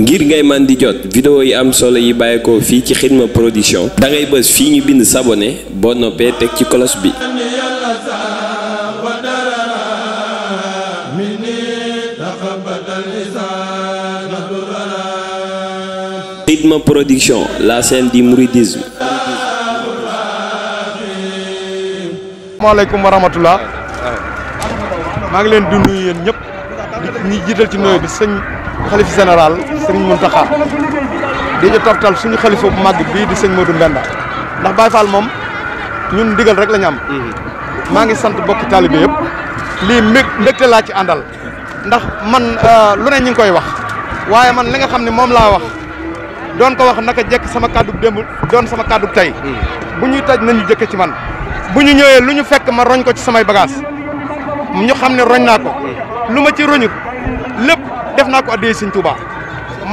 ngir ngay man di jot vidéo yi am solo yi bàyyeekoo fii ci Xidma production dangay ngay fii ñu bind s'abonner boo noppee teg ci cloche bi. Xidma production la chaîne du di nuyu yéen ñi jittal ci nuyoo bi señ xalif général señ Mountakha di ñu toftal suñu xalifa bu mag bi di señ Modou Mbenda ndax Baye Fall mom ñun ndigal rek la ñu am ngi sant bokki talibé yépp li mbég la ci andal ndax man euh, lu ne ñi ngi koy wax waye man li nga xamni mom la wax doon ko wax naka jek sama kaduk démb doon sama kaddu tay bu ñuy taj nañu jëkke ci man bu ñu lu fekk ma roñ ko ci samay bagage ñu xamni roñ na ko lu ci roñut lepp def nako adé seigne Touba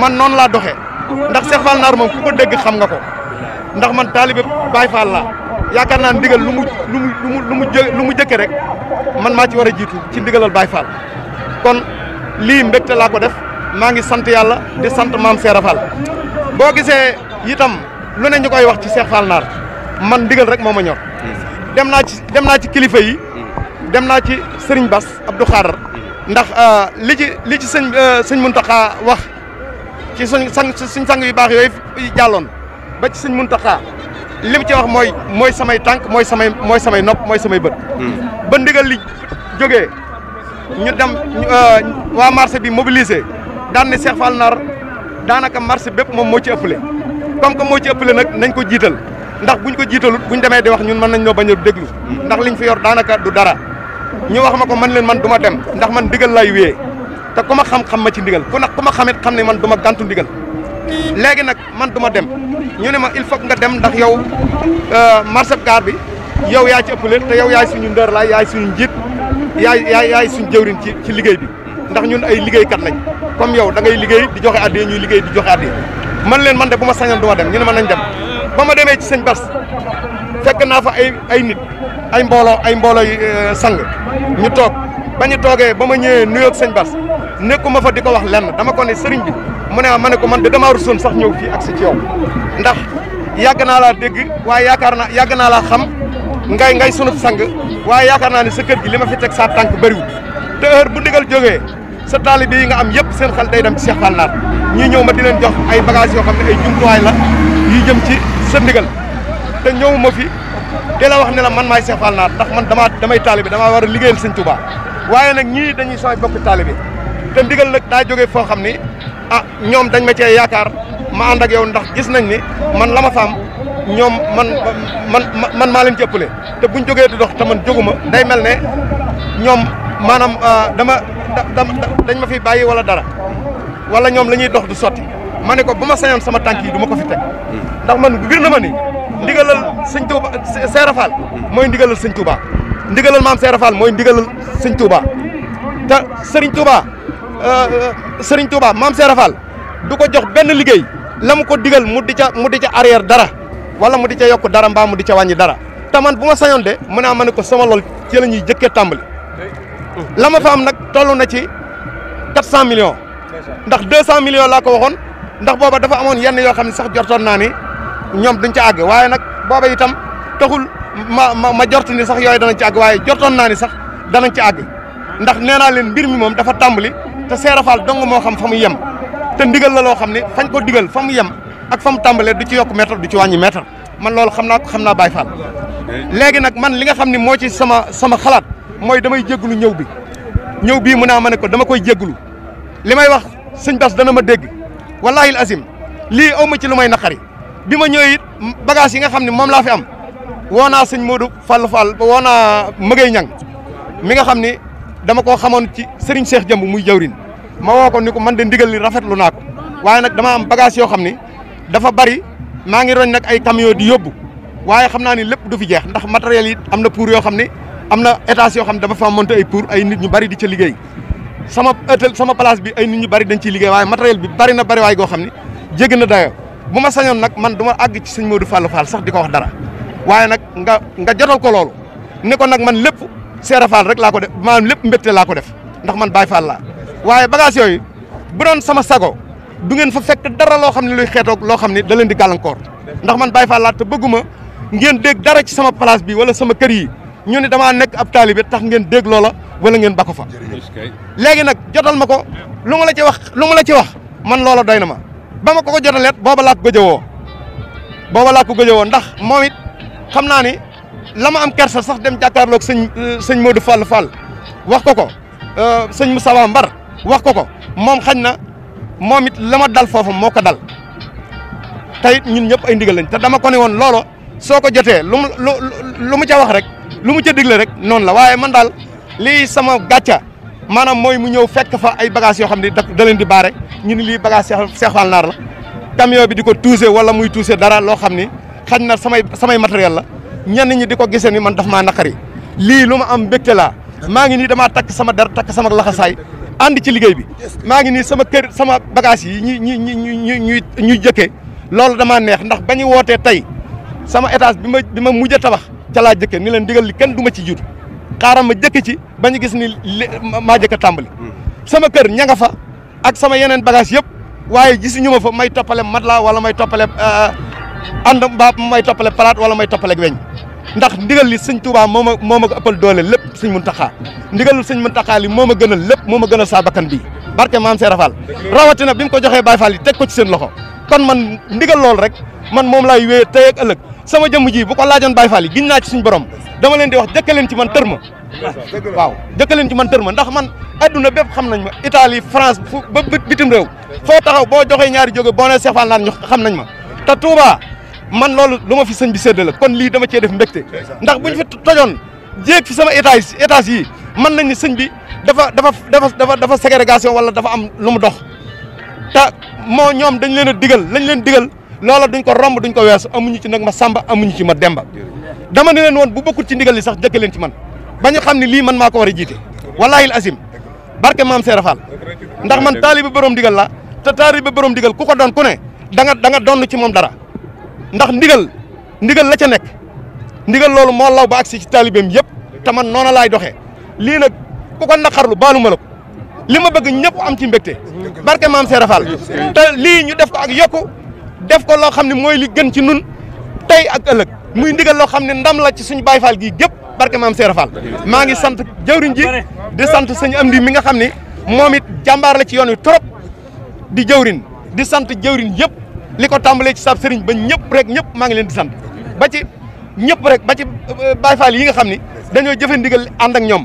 man non la doxé ndax Cheikh Fall nar mom kuko ko dégg xam nga ko ndax man talibé Baye Fall la yakar na ndigal lu mu lu mu lu mu lu mu jëkke rek man ma ci wara jitu ci ndigalal Baye Fall kon lim mbégte la ko def ma ngi sante yalla di sante mam cheikh Fall bo gisé yitam lu ne ñukoy wax ci Cheikh Fall nar man ndigal rek moma ñor dem na ci dem na ci kilifa yi dem na ci Serigne Bass Abdou Khadar ndax euh, li ci li ci sëñ euh, sëñ Muntaxa wax ci suñ sang suñ sang yu baax yooyu jàlloon ba ci sëñ Muntaxa li mu ci wax mooy mooy samay tànk mooy samay mooy samay nopp mooy samay bët. Hmm. ba ndigal li jógee ñu dem euh, waa marché bi mobilisé daan ne Cheikh Fall Nar daanaka marché bépp moom moo ci ëppale comme que moo ci ëppale nag nañ ko jiital ndax buñ ko jiitalut buñ demee di wax ñun mën nañ ñoo bañ a déglu. Hmm. ndax liñ fi yor daanaka du dara. ñu wax ma ko man leen man du dem ndax man ndigal lay wéyee te ku ma xam-xam ma ci ndigal ku nag ko ma xamit xam ne man du ma gàntu ndigal léegi nag man du dem ñu ne ma il faut nga dem ndax yow euh, marché gaar bi yow yaa ci ëppale te yow yaay suñu ndër laay yaay suñu njiit yaay yaay yaay suñu jëwrin ci ci liggéey bi ndax ñun ay liggéeykat lañ comme yow da ngay liggéey di joxe addiya ñuy liggéey di joxe addiya man leen man de bu ma sañoon du dem ñu ne ma nañ dem ba ma demee ci sëñ bas fekk naa fa ay ay nit ay mbooloo ay mbooloo yi euh, sang ñu toog ba ñu toogee ba ma ñëwee nuyoog sëñ Bas ma fa di ko wax lenn dama ko ne sëriñ bi mu ne ma ne ko man de damaa rusoon sax ñëw fii ak si ci yow ndax yàgg naa laa dégg waaye yaakaar naa yàgg naa laa xam ngay ngay sunub sang waaye yaakaar naa ne sa kër li ma fi teg saa tànk bëriwul te heure bu ndigal jógee sa taalibe yi nga am yëpp seen xel day dem ci Cheikh Fall Naar ñëw ma di leen jox ay bagages yoo xam ne ay jumtuwaay yu jëm ci sa ndigal te ñëwuma fi té la wax né la man may Cheikh Fall Naar ndax man dama damay taalibe dama war ligéel liggéeyal Touba wayé nak ñi dañuy samay bokk taalibe té ndigal nak da joggé fo xamni ah ñom dañ ma cee yaakar ma and ak yow ndax gis nañ ni man lama fam ñom man man man ma leen ci ëppale buñ joggé du dox té man jogguma day melné ne manam ah, dama dañ ma fi bayyi wala dara wala ñom lañuy dox du soti mané ko buma sañon sama tanki, duma ko fi tek ndax man birna ma ni ndigalal sëñ Touba Serre Fall mooy ndigalal sëñ Touba ndigalal maam Serre Fall mooy ndigalal sëñ Touba te Serigne Touba euh, Serigne Touba maam Serre Fall du ko jox benn liggéey la ko digal mu di ca mu di ca arrière dara wala mu di ca yokk dara mbaa mu ca wàññi dara te man bu ma de mu ne ma ne ko sama lool ci la ñuy jëkkee tàmbali la ma fa am nag toll na ci 400 millions. ndax 200 millions laa ko waxoon ndax booba dafa amoon yenn yoo xam ne sax jortoon naa ni. ñoom duñ ca àgg waaye nag booba itam taxul ma ma ma jortu ni sax yooyu dana ci àgg waaye jortoon naa ni sax danañ ci àgg ndax nee naa leen mbir mi moom dafa tàmbali te seerafaal dong moo xam fa mu yem te ndigal la loo xam ne fañ ko digal fa mu yem ak fa mu tàmbalee du ci yokk mètre du ci wàññi mètre man loolu xam naa ko xam naa Baye Fall léegi nag man li nga xam ne moo ci sama sama xalaat mooy damay jégglu ñëw bi ñëw bii mu naa ma ne ko dama koy jégglu li may wax sëñ Bass dana ma dégg wallaahi azim lii aw ma ci lu may naqari bima ma bagasi it bagage yi nga xamni mom la fi am wona naa Modou Fall Fall wona magay Ñang mi nga xamni dama ko xamoon ci Serigne Cheikh Jëmb muy jawrin ma woko niko man de ndigal li rafetlu naa ko waye nak dama am bagage yo xamni dafa bari ma ngi roñ nak ay camion di yobbu waye xamna ni lepp du fi jeex ndax matériel yi amna pour yo xamni amna étage yo xamni fa monté ay pour ay nit ñu bari di ci liggéey sama ëttal sama place bi ay nit ñu bari dañ ci liggéey waye matériel bi bari na bari way go xamni jégg na dayo buma sañon nak man duma ag ci seigne Modou Fallou Fall sax diko wax dara waye nak nga nga jotal ko lolou ne ko nak man lepp cheikh Fall rek la ko def maanaam lepp mbette la ko def ndax man Baye Fall la waye bagage yoy bu don sama sago du ngeen fa fekk dara lo xamni luy xetok lo xamni da leen di gàllankoor ndax man Baye Fall la te beuguma ngeen deg dara ci sama place bi wala sama keur yi ñu ni dama nek ab talibé tax ngeen deg lola wala ngeen bako fa legi nak jotal mako ko lu ma la ci wax lu la ci wax man lolo doyna ma ba ma ko ko jotaleet booba laa ko gëjëwoo booba laa ko gëjëwoo ndax moom it xam naa ni la am kersa sax dem jàkkaarloog sëñ euh, sëñ Modou Fall Fall wax ko ko euh, sëñ Moussa Mbar wax ko ko moom xañ na moom it la ma dal foofu moo ko dal te it ñun ñëpp ay ndigal lañ te dama ko woon loolo soo ko jotee lu mu lu mu ca wax rek lu mu ca digle rek noonu la waaye man daal lii sama gàcca manam moy mu ñew fekk fa ay bagage yo xamni da leen di baré ñu ni li bagage cheikh wal nar la camion bi diko touser wala muy touser dara lo xamni xagna samay samay matériel la ñen ñi diko gisé ni man daf ma nakari li luma am bekté la ma ngi ni dama tak sama dar tak sama laxasay and ci liggéey bi ma ngi ni sama kër sama bagage yi ñi ñi ñi ñi ñu jëkke loolu dama neex ndax bañu woté tay sama étage bima bima mujjé tabax ca la jëkke ni leen digal li kenn duma ci jitu xaaral ma jëkk ci ba gis ni ma jëkk tambali hmm. sama kër ñanga fa ak sama yenen bagage yëpp waye gisuñu ma fa may topalé matla wala may topalé euh, ànd mbaa may topalé palaat wala may topalé weñ ndax ndigal li seigne Touba moma moma ko eppal doole lepp seigne Muntaxa ndigalul seigne Muntaxa li moma gënal lépp moo gënal bakkan bi barké mam cheikh rafal rawati bi mu ko joxé Baye Fall yi ko ci seen loxo kon man ndigal loolu rek man mom lay wéyee tey ak ëlëk sama jëm ji bu ko laajoon Baye Fall giñ na ci suñu borom dama len di wax jëkk leen ci man terme waaw jëkk leen ci man terme ndax man aduna bëpp xam nañ ma Italie France fu ba bitim rew fo taxaw bo joxe ñaari joge boo nee Cheikh Fall naan ñu xam nañ ma ta Touba man lolu luma fi señ bi séddale kon li dama ci def mbekté ndax buñ fi tojon jéeg fi sama étage étage yi man nañ ni señ bi dafa dafa dafa dafa dafa ségrégation wala dafa am lu mu dox ta mo ñom dañ leena diggal lañ leen diggal Lola duñ ko romb duñ ko wess amuñu ci nak ma samba amuñu ci ma demba dama ne len won bu bokkul ci ndigal li sax jekel len ci man bañu xamni li man mako wara jité wallahi al azim barke mam Seera rafal ndax man talib borom ndigal la ta talib borom ndigal ku don kune da nga da nga don ci mom dara ndax ndigal ndigal la ca nek ndigal lolu mo law ba aksi ci talibem yëpp ta man noona laay doxé li nak ku ko naqarlu baalu ma bëgg ñëpp am ci mbékté barke mam Seera rafal té li ñu def ko ak yokku def ko loo xam ne mooy li gën ci nun tey ak ëllëg muy ndigal loo xam ne ndam la ci suñu Baay Faal gi gépp barke maam Seera Faal maa ngi sant jëwriñ ji di sant sëñ Amdi mi nga xam ne moom it jàmbaar la ci yoon wi trop di jëwriñ di sant jëwriñ yëpp li ko tàmbalee ci sab sëriñ ba ñëpp rek ñëpp maa ngi leen di sant ba ci ñëpp rek ba ci euh, yi nga xam ni dañoo jëfe ndigal ànd ak ñoom